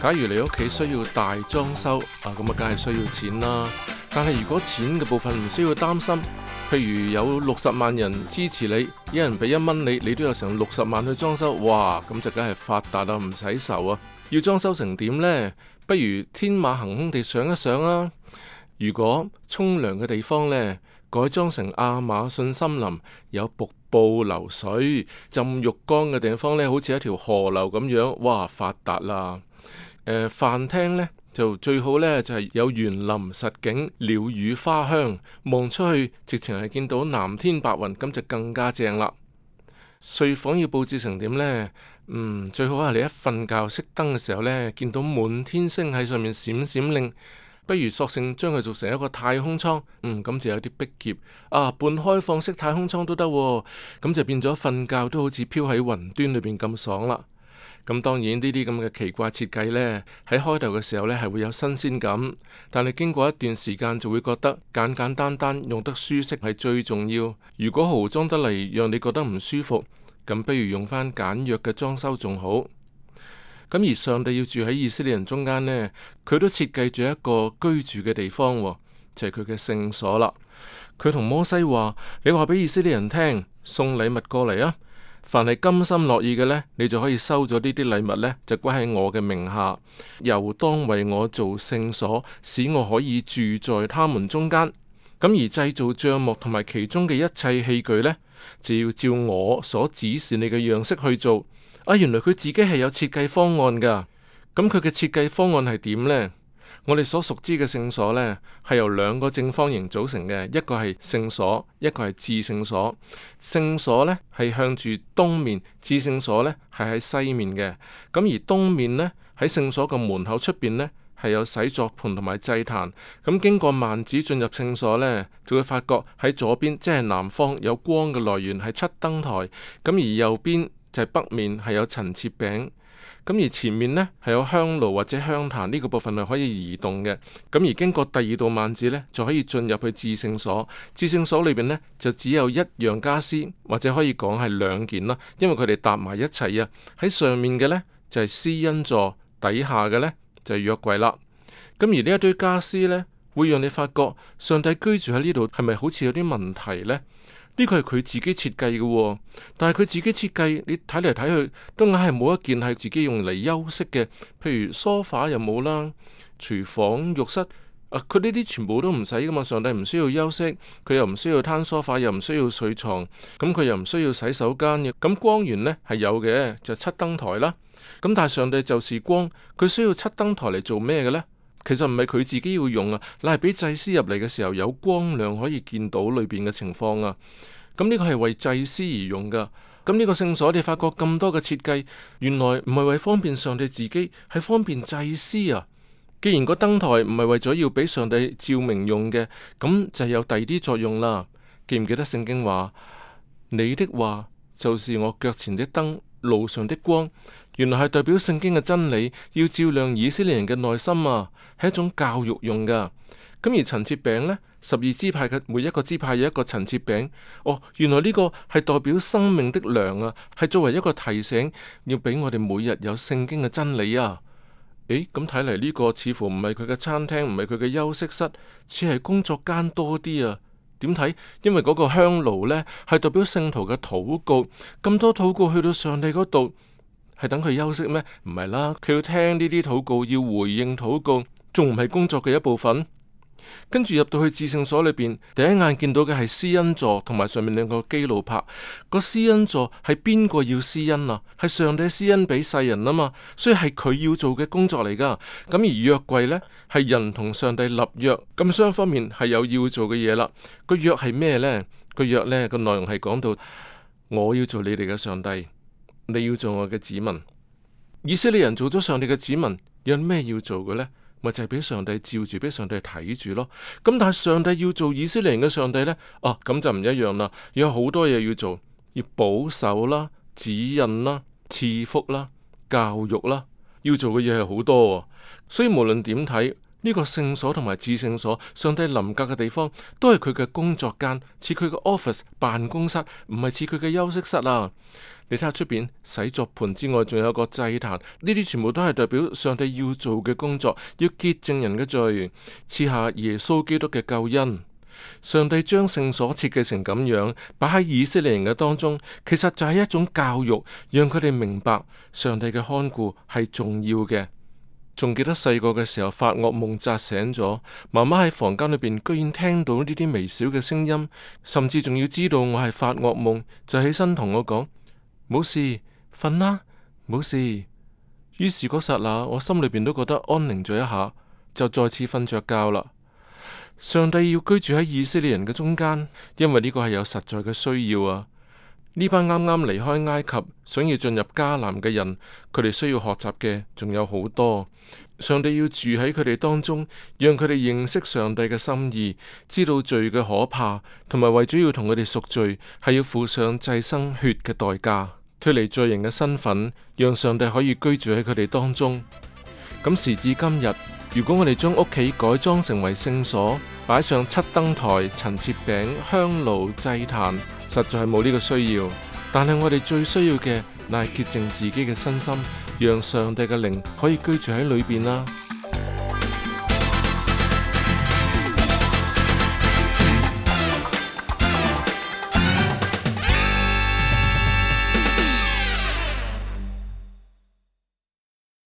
假如你屋企需要大裝修啊，咁啊，梗係需要錢啦。但係如果錢嘅部分唔需要擔心，譬如有六十萬人支持你，一人俾一蚊你，你都有成六十萬去裝修，哇！咁就梗係發達啦，唔使愁啊。要裝修成點呢？不如天馬行空地想一想啊。如果沖涼嘅地方呢，改裝成亞馬遜森林，有瀑布流水浸浴缸嘅地方呢，好似一條河流咁樣，哇！發達啦～誒、呃、飯廳呢，就最好呢，就係、是、有園林實景、鳥語花香，望出去直情係見到藍天白雲，咁就更加正啦。睡房要佈置成點呢？嗯，最好係、啊、你一瞓覺熄燈嘅時候呢，見到滿天星喺上面閃閃亮，不如索性將佢做成一個太空艙。嗯，咁就有啲逼仄啊，半開放式太空艙都得喎、啊，咁就變咗瞓覺都好似飄喺雲端裏邊咁爽啦。咁當然呢啲咁嘅奇怪設計呢，喺開頭嘅時候呢係會有新鮮感，但係經過一段時間就會覺得簡簡單單用得舒適係最重要。如果豪裝得嚟讓你覺得唔舒服，咁不如用返簡約嘅裝修仲好。咁而上帝要住喺以色列人中間呢，佢都設計住一個居住嘅地方，就係佢嘅聖所啦。佢同摩西話：你話俾以色列人聽，送禮物過嚟啊！凡係甘心樂意嘅呢，你就可以收咗呢啲禮物呢，就歸喺我嘅名下，又當為我做聖所，使我可以住在他們中間。咁而製造帳幕同埋其中嘅一切器具呢，就要照我所指示你嘅樣式去做。啊，原來佢自己係有設計方案噶。咁佢嘅設計方案係點呢？我哋所熟知嘅聖所呢，係由兩個正方形組成嘅，一個係聖所，一個係至聖所。聖所呢，係向住東面，至聖所呢，係喺西面嘅。咁而東面呢，喺聖所個門口出邊呢，係有洗作盆同埋祭壇。咁經過幔子進入聖所呢，就會發覺喺左邊即係、就是、南方有光嘅來源係七燈台。咁而右邊就係、是、北面係有陳設餅。咁而前面呢，係有香爐或者香壇呢個部分係可以移動嘅。咁而經過第二道幔子呢，就可以進入去至聖所。至聖所裏邊呢，就只有一樣家私，或者可以講係兩件啦，因為佢哋搭埋一齊啊。喺上面嘅呢，就係施恩座，底下嘅呢，就係約櫃啦。咁而呢一堆家私呢，會讓你發覺上帝居住喺呢度係咪好似有啲問題呢？呢個係佢自己設計嘅哦，但係佢自己設計，你睇嚟睇去都硬係冇一件係自己用嚟休息嘅。譬如梳化又冇啦，廚房、浴室，啊，佢呢啲全部都唔使噶嘛。上帝唔需要休息，佢又唔需要攤梳化，又唔需要睡床，咁佢又唔需要洗手間嘅。咁光源呢係有嘅，就係七燈台啦。咁但係上帝就是光，佢需要七燈台嚟做咩嘅呢？其實唔係佢自己要用啊，你係畀祭司入嚟嘅時候有光亮可以見到裏邊嘅情況啊。咁呢個係為祭司而用噶。咁、這、呢個聖所，你發覺咁多嘅設計，原來唔係為方便上帝自己，係方便祭司啊。既然個燈台唔係為咗要畀上帝照明用嘅，咁就有第二啲作用啦。記唔記得聖經話：你的話就是我腳前的燈。路上的光，原來係代表聖經嘅真理，要照亮以色列人嘅內心啊，係一種教育用噶。咁而陳設餅呢，十二支派嘅每一個支派有一個陳設餅。哦，原來呢個係代表生命的糧啊，係作為一個提醒，要俾我哋每日有聖經嘅真理啊。誒，咁睇嚟呢個似乎唔係佢嘅餐廳，唔係佢嘅休息室，似係工作間多啲啊。點睇？因為嗰個香爐咧，係代表聖徒嘅禱告。咁多禱告去到上帝嗰度，係等佢休息咩？唔係啦，佢要聽呢啲禱告，要回應禱告，仲唔係工作嘅一部分？跟住入到去至聖所裏邊，第一眼見到嘅係施恩座，同埋上面兩個基路柏。個施恩座係邊個要施恩啊？係上帝施恩俾世人啊嘛，所以係佢要做嘅工作嚟噶。咁而約櫃呢，係人同上帝立約，咁雙方面係有要做嘅嘢啦。個約係咩呢？個約呢個內容係講到我要做你哋嘅上帝，你要做我嘅子民。以色列人做咗上帝嘅子民，有咩要做嘅呢？咪就係俾上帝照住，俾上帝睇住咯。咁但係上帝要做以色列人嘅上帝咧，哦、啊，咁就唔一樣啦。有好多嘢要做，要保守啦、指引啦、賜福啦、教育啦，要做嘅嘢係好多。所以無論點睇，呢個聖所同埋至聖所，上帝臨格嘅地方，都係佢嘅工作間，似佢嘅 office 辦公室，唔係似佢嘅休息室啦、啊。你睇下出邊，洗作盤之外，仲有個祭壇，呢啲全部都係代表上帝要做嘅工作，要潔淨人嘅罪，賜下耶穌基督嘅救恩。上帝將聖所設計成咁樣，擺喺以色列人嘅當中，其實就係一種教育，讓佢哋明白上帝嘅看顧係重要嘅。仲記得細個嘅時候發惡夢，扎醒咗，媽媽喺房間裏邊居然聽到呢啲微小嘅聲音，甚至仲要知道我係發惡夢，就起身同我講，冇事，瞓啦，冇事。於是嗰剎那，我心裏邊都覺得安寧咗一下，就再次瞓着覺啦。上帝要居住喺以色列人嘅中間，因為呢個係有實在嘅需要啊。呢班啱啱離開埃及、想要進入迦南嘅人，佢哋需要學習嘅仲有好多。上帝要住喺佢哋當中，讓佢哋認識上帝嘅心意，知道罪嘅可怕，同埋為咗要同佢哋贖罪，係要付上祭牲血嘅代價，脫離罪人嘅身份，讓上帝可以居住喺佢哋當中。咁時至今日，如果我哋將屋企改裝成為聖所，擺上七燈臺、陳設餅、香爐、祭壇。實在係冇呢個需要，但係我哋最需要嘅，乃係潔淨自己嘅身心，讓上帝嘅靈可以居住喺裏邊啦。